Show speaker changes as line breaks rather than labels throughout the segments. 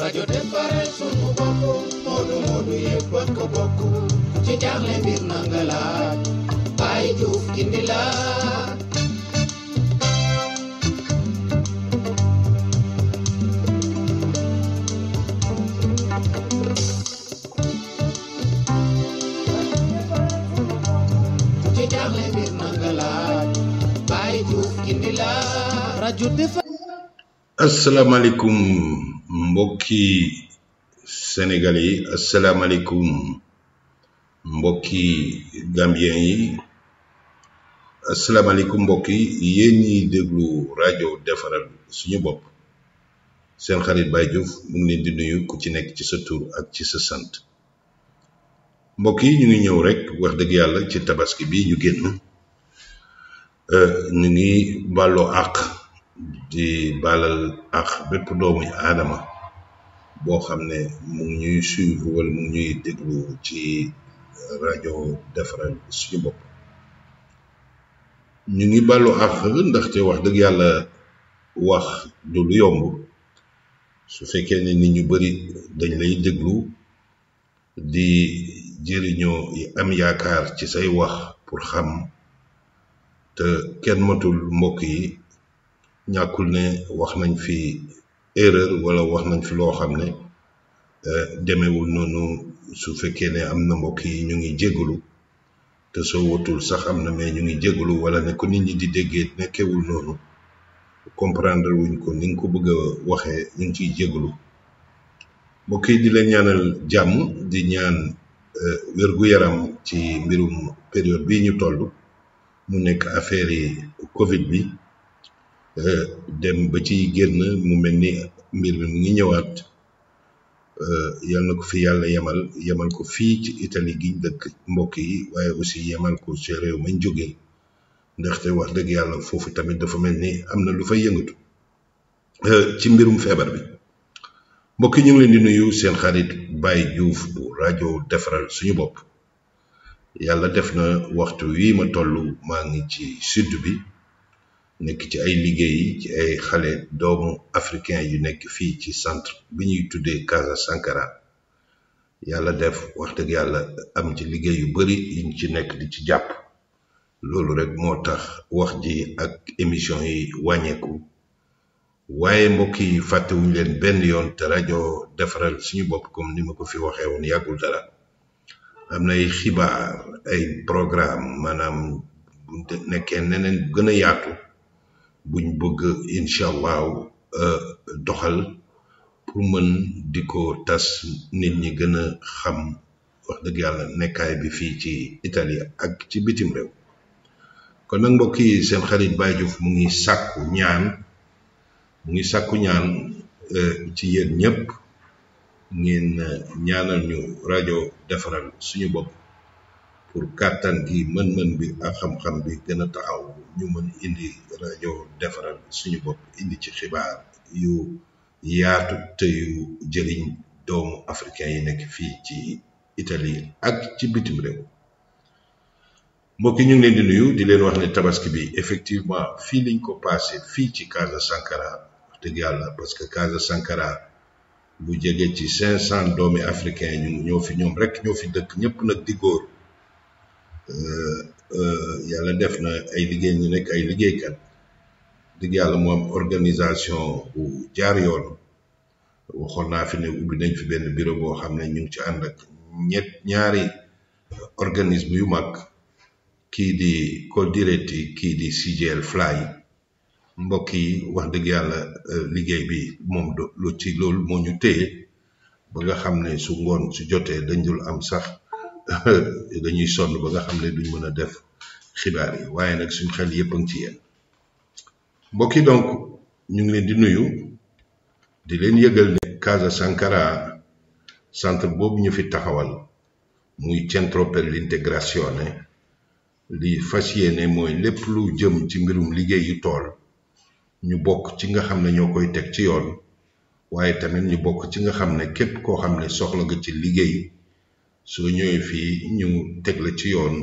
rajo defaral sunu bopp moodu modu yëpp ko bokk ci jaaxle mbir na nga juuf indi laa asalaamaaleykum mbokki Sénégal yi asalaamaaleykum mbokki Gambien yi asalaamaaleykum mbokki yéen ñi déglu rajo defaral suñu bopp seen xarit Baye Diouf mu ngi leen di nuyu ku ci nekk ci sa tur ak ci sa sant mbokk yi ñu ngi ñëw rek wax dëgg yàlla ci tabaski bi ñu génn euh, ñu ngi bàlloo àq. di baalal ak bépp doomu aadama boo xam ne mu ngi ñuy suivre wala mu ngi déglu ci rajo defaral suñu bopp ñu ngi bàllu ak ndaxte wax dëgg yàlla wax du lu su fekkee ne nit ñu bari dañ lay déglu di jëriñoo am yaakaar ci say wax pour xam te kenn matul mbokk yi ñàkkul ne wax nañ fi erreur wala wax nañ fi loo xam ne eh, demeewul noonu su fekkee ne am na mbokk yi ñu ngi jégalu te soo watul sax am na mais ñu ngi jégalu wala ne ko nit ñi di déggee nekkewul noonu comprendre wuñ ko ni nga ko bëgg waxee ñu ngi ciy jégalu mbokk yi di leen ñaanal jàmm di ñaan eh, wér-gu-yaram ci mbirum période bii ñu toll mu nekk affaire yi Covid bi. Euh, dem ba ci génn mu mel ni mbir mi mu ngi ñëwaat euh, yal na ko fi yàlla yemal yemal ko fii ci itali gi dëkk mbokk yi waaye aussi yemal ko ci réew jóge ndaxte wax dëgg yàlla foofu tamit dafa mel ni am na lu fa yëngatu euh, ci mbirum feebar bi mbokki yi leen di nuyu seen xarit bàyyi Diouf bu rajo defaral suñu bopp yàlla def na waxtu wi ma toll maa ngi ci sud bi nekk ci ay liggéey ci ay xale doomu africain yu nekk fii ci centre bi ñuy tuddee Casa Sankara yàlla def wax dëgg yàlla am ci liggéey yu bari yiñ ci nekk di ci jàpp loolu rek moo tax wax ji ak émission yi wàññeeku waaye mbokk yi fàttewuñu leen benn yoon te rajo defaral suñu bopp comme ni ma ko fi waxee woon yàggul dara am nay ay ay programme maanaam nekkee neneen gën a yaatu buñ bëgg incha allah euh, doxal pour mën di ko tas nit ñi gën a xam wax dëgg yàlla nekkaay bi fii ci Italie ak ci bitim réew kon nag mbokk yi seen xarit Baye Diouf mu ngi sàkku ñaan mu ngi sàkku ñaan euh, ci yéen ñëpp ngeen euh, ñaanal ñu rajo defaral suñu bopp pour kàttan gi mën-mën bi ak xam-xam bi gën a taxaw ñu mën indi rajo defaral suñu bopp indi ci xibaar yu yaatu te yu doomu africain yi nekk fii ci itali ak ci bitim réew mbokk yi ñu ngi di nuyu di leen wax ne tabaski bi effectivement fii liñ ko passé fii ci Casa Sankara wax dëgg yàlla parce que Casa Sankara bu jege ci cinq cent doomi africain ñu ñoo fi ñoom rek ñoo fi dëkk ñëpp nag di góor Euh, euh, yàlla def na ay liggéey ñu nekk ay liggéeykat digg yàlla moom organisation bu jaar yoon waxoon naa fi ne ubbi nañ fi benn bureau boo xam ne ñu ngi ci ànd ñet ñaari organisme yu mag kii di Coldiretti kii di CGL Fly mbokk yi wax dëgg yàlla euh, liggéey bi moom lu ci loolu moo ñu téye ba nga xam ne su ngoon su jotee dañ dul am sax dañuy sonn ba nga xam ne duñ mën a def xibaar yi waaye nag suñ xel yëpp a ngi ci yenn mbokk yi donc ñu ngi leen di nuyu di leen yëgal ne Casa Sankara centre boobu ñu fi taxawal muy centro per l'integrazione li fas ne mooy lépp lu jëm ci mbirum liggéey yu tool ñu bokk ci nga xam ne ñoo koy teg ci yoon waaye tamit ñu bokk ci nga xam ne képp koo xam ne soxla nga ci liggéey soo ñëwee fii ñu teg la ci yoon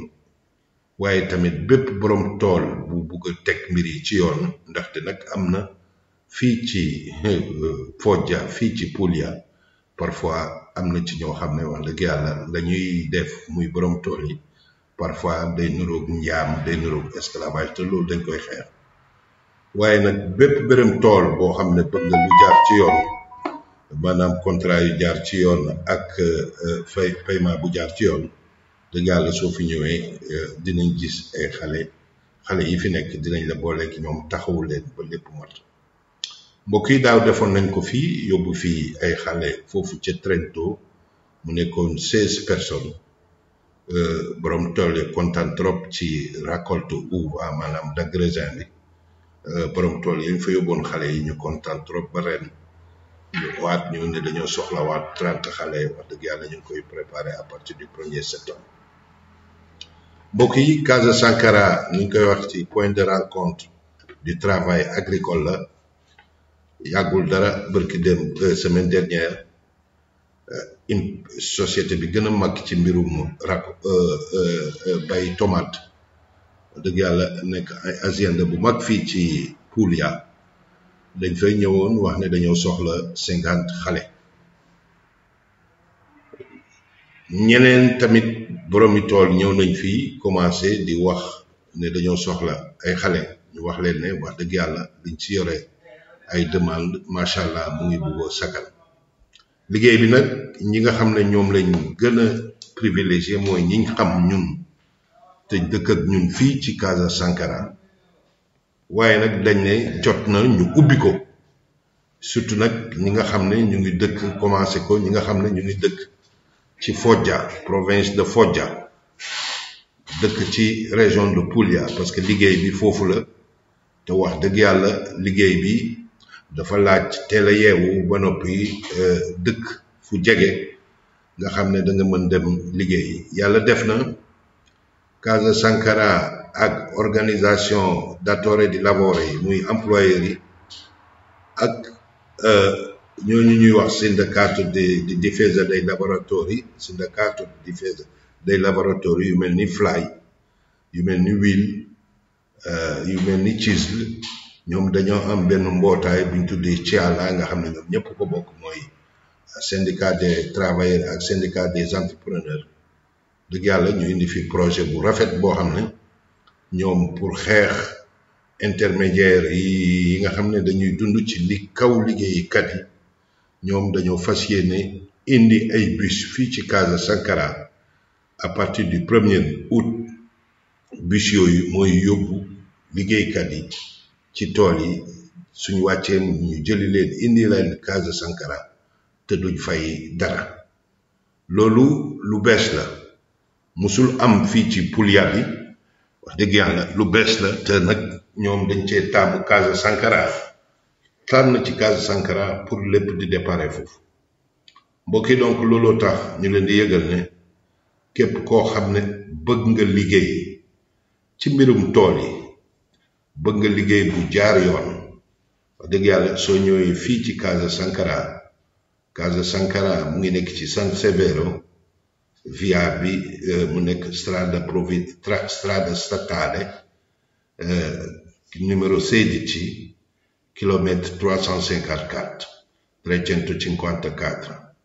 waaye tamit bépp borom tool bu bugg a teg mbir yi ci yoon ndaxte nag am na fii ci euh, Fodja fii ci Poulia parfois am na ci ñoo xam ne wax dëgg yàlla la ñuy def muy borom tool yi parfois day niroog njaam day niroog esclavage te loolu dañ koy xeex waaye nag bépp bërëm tool boo xam ne bëgg nga jaar ci yoon. maanaam contrat yu jaar ci yoon ak euh, fay paiement bu jaar ci yoon dëgg yàlla soo fi ñëwee euh, dinañ gis ay xale xale yi fi nekk dinañ la boole ñoom taxawu leen ba lépp mat mbokk yi daaw defoon nañ ko fii yóbbu fii ay xale foofu ci Trento mu nekkoon seize personnes euh, borom tool yi kontaan trop ci récolte uva ah, maanaam dagg raisin bi borom tool yi ñu fa yóbboon xale yi ñu kontaan trop ba waat ñu ne dañu soxla wat 30 xalé wax deug yalla ñu koy préparer à partir du 1er septembre bokki casa sankara ñu koy wax ci point de rencontre du travail agricole la yagul dara barki dem eh, semaine dernière une eh, société bi gëna mag ci mbirum rak euh euh bay tomate deug yalla nek ay azienda bu mag fi ci poulia dañ fay ñëwoon wax ne dañoo soxla cinquante xale ñeneen tamit boromi tool ñëw nañ fii commencé di wax ne dañoo soxla ay xale ñu wax leen wax dëgg yàlla liñ ci yore ay demande macha allah mu ngi bëggoo sakkan liggéey bi nag ñi nga xam ne ñoom lañ gën a privilégié mooy ñiñ xam ñun te dëkk ak ñun fii ci Casa Sankara waaye nag dañ ne jot na ñu ubbi ko surtout nag ñi nga xam ne ñu ngi dëkk commencé ko ñi nga xam ne ñu ngi dëkk ci Foggia province de Foggia dëkk ci région de Puglia parce que liggéey bi foofu la te wax dëgg yàlla liggéey bi dafa laaj teel a yeewu ba noppi euh, dëkk fu jege nga xam ne da nga mën dem liggéey yàlla def na Casa Sankara ak organisation datore di labore yi muy employeur yi ak euh, ñooñu ñuy wax syndicato di di difesa dei laboratori syndicato di difesa dei laboratori yu mel ni FLAI yu mel ni WIL euh, yu mel ni CISL ñoom dañoo am benn mbootaay bu tuddee CIALA nga xam ne ñoom ñëpp ko bokk mooy syndicat des travailleurs ak syndicat des entrepreneurs dëgg yàlla ñu indi fi projet bu rafet boo xam ñoom pour xeex intermédiaire yi yi nga xam ne dañuy dund ci li kaw liggéeykat yi ñoom dañoo fas yéene indi ay bus fii ci Casa Sankara à partir du premier août bus yooyu mooy yóbbu liggéeykat yi ci tool yi suñu wàccee ñu jëli leen indi leen Casa Sankara te duñ fay dara loolu lu bees la musul am fii ci Pulyaar yi wax dëgg yàlla lu bees la te nag ñoom dañ cee taamu Casa Sankara tànn ci Casa Sankara pour lépp di déparé foofu mbokk donc looloo tax ñu leen di yëgal ne képp koo xam ne bëgg nga liggéey ci mbirum tool yi bëgg nga liggéey bu jaar yoon wax dëgg yàlla soo ñëwee fii ci Casa Sankara Casa Sankara mu ngi nekk ci San Severo via bi eh, mu nekk strada provi strada statale eh, numero ci kilomètre 354 354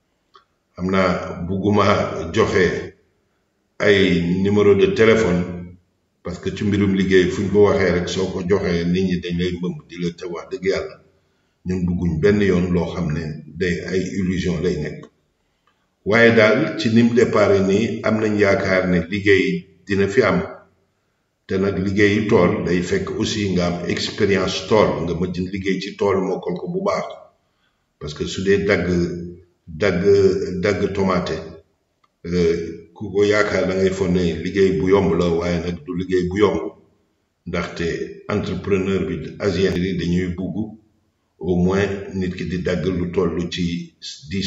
am na bugguma joxe ay numéro de téléphone parce que ci mbirum liggéey fu ñu ko waxee rek soo ko joxee ni ñi dañ lay mbëmb di la te wax dëgg yàlla ñun bëgguñ benn yoon loo xam ne day ay illusion lay nekk waaye daal ci nim déparé nii am nañ yaakaar ne liggéey dina fi am te nag liggéeyu tool day fekk aussi nga am expérience tool nga mën liggéey ci tool moo ko bu baax parce que su dee dagg dagg dagg tomate euh, ku ko yaakaar da ngay fonne liggéey bu yomb la waaye nag du liggéey bu yomb ndaxte entrepreneur bi asien yi dañuy bugg au moins nit ki di dagg lu toll ci dix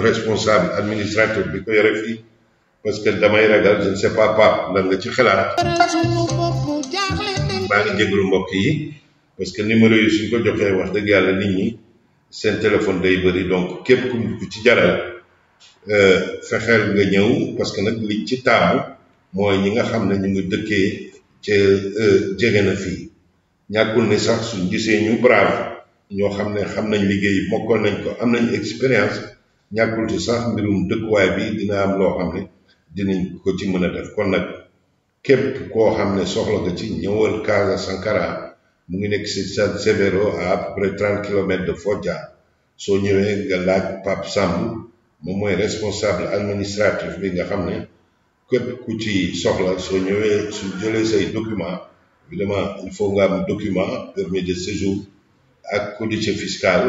responsable administrateur bi ko yore fii parce que damay ragal je ne sais pas pap lan nga ci xalaat maa ngi jégalu mbokk yi parce que numéro yi suñ ko joxee wax dëgg yàlla nit ñi seen téléphone day bëri donc képp ku ku ci jaral euh, fexeel nga ñëw parce que nag li ci taamu mooy ñi nga xam ne ñu ngi dëkkee ca euh, jege na fii ñàkkul ni sax suñ gisee ñu brave ñoo xam ne xam nañ liggéey mokkoon nañ ko am nañ expérience ñàkkul ci sax mbirum dëkkuwaay bi dina am loo xam ne dinañ ko ci mën a def kon nag képp koo xam ne soxla ko ci ñëwal Casa Sankara mu ngi nekk si San Severo à à peu trente kilomètres de Foggia soo ñëwee nga laaj Pape Samb moom mooy responsable administratif bi nga xam ne képp ku ci soxla soo ñëwee su jëlee say document évidemment il faut nga am document permis de séjour ak codice fiscale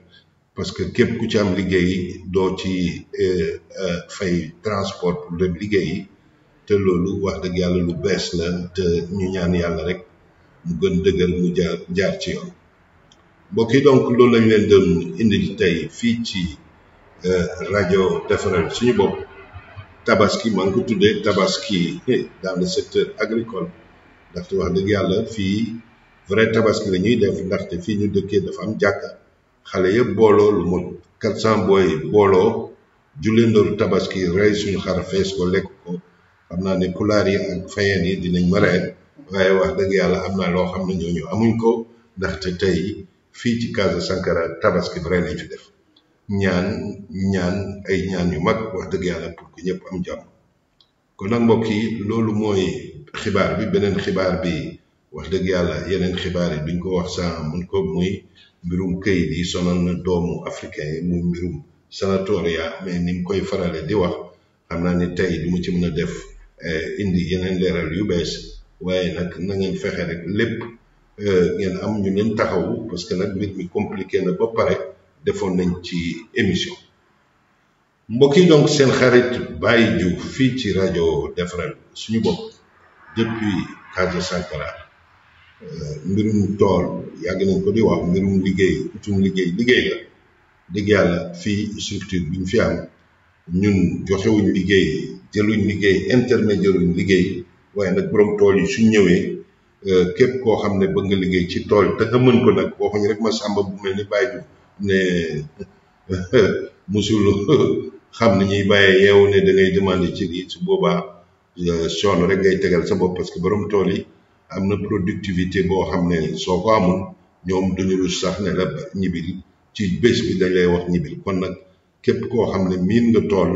parce que képp ku ci am liggéey doo ci eh, eh, fay transport pour dem te loolu wax dëgg yàlla lu bees na te ñu ñaan yàlla rek mu gën dëgër mu jaar jaar ci yoon mbokk yi donc loolu lañu leen doon indi tey fii ci eh, rajo defaral suñu bopp tabaski maa ngi ko tuddee tabaski dans le secteur agricole ndaxte wax dëgg yàlla fii vrai tabaski la ñuy def ndaxte fii ñu dëkkee dafa am jàkk xale yëpp booloo lu mot quatre cent booy booloo jullendooru tabaski rey suñu xar fees ko lekk ko xam naa ne pulaar yi ak fayeen yi dinañ ma waaye wax dëgg yàlla am naa loo xam ne ñooñu amuñ ko ndaxte tey fii ci Casa Sankara tabaski bi rey lañ fi def ñaan ñaan ay ñaan yu mag wax dëgg yàlla pour que ñëpp am jàmm kon nag mbokk yi loolu mooy xibaar bi beneen xibaar bi wax dëgg yàlla yeneen xibaar yi duñ ko wax saa mun ko muy. mbirum këyit yi sonal na doomu africain yi muy mbirum sanatoria mais ni mu koy farale di wax xam naa ni tey du mu ci mën a def eh, indi yeneen leeral yu bees waaye nag na ngeen fexe rek lépp eh, ngeen am ñu leen taxawu parce que nag mbir mi compliqué na ba pare defoon nañ ci émission mbokk yi donc seen xarit Baye Diouf fii ci rajo Défrel suñu bopp depuis Casa Sankara mbirum tool yàgg nañ ko di wax mbirum liggéey utum liggéey liggéey la dëgg yàlla fii structure bi fi am ñun joxewuñ liggéey jëluñ liggéey intermédiaire luñ liggéey waaye nag borom tool yi suñ ñëwee euh, képp koo xam ne bëgg nga liggéey ci tool te nga mën ko nag waxuñ rek ma sàmba bu mel ni bàyyi ju ne musul xam ne ñuy bàyyee yeewu ne da ngay ci lii su boobaa euh, sonn rek ngay tegal sa bopp parce que borom tool yi amna productivité bo xamné soko soo ko amul ñoom duñu rus sax né la ñibil ci bés bi dañ lay wax ñibil kon nak képp ko xamné ne miin nga tool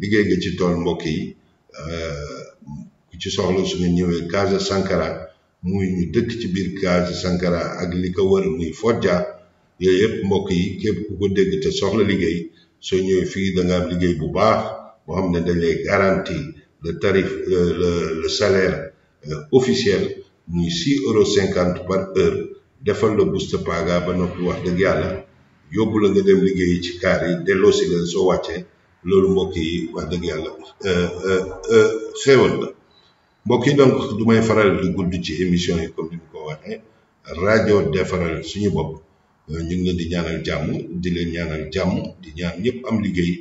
liggéey nga ci toll mbokk yi euh ci soxlo su nga ñëwee Casa Sankara muy ñu dëkk ci biir Casa Sankara ak li ko wër muy Fodja yooyu yëpp mbokk yi képp ku ko dégg té soxla liggéey soo ñëwee fi da nga am liggéey bu baax bo xamné dañ lay garantie le tarif euh, le le salaire euh, officiel ni 6 euro 50 par heure defal la busta paga ba noppi wax dëgg yàlla yóbbu la nga dem liggéey ci kaar yi delloo si leen soo wàccee loolu mbokk wax dëgg yàlla euh, euh, euh, xéewal la mbokk yi donc du may faral di gudd ci émission yi comme ni mu ko waxe rajo defaral suñu bopp ñu ngi leen di ñaanal jàmm di leen ñaanal jàmm di ñaan ñëpp am liggéey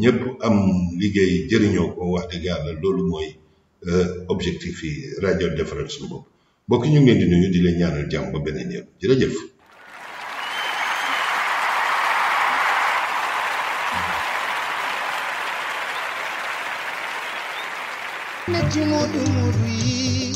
ñëpp am liggéey jëriñoo ko wax dëgg yàlla loolu mooy. E, objectif yi rajo defaral suñu bopp mbokk ñu ngi leen di nuyu di leen ñaanal jàmm ba beneen yoon jërëjëf. na ci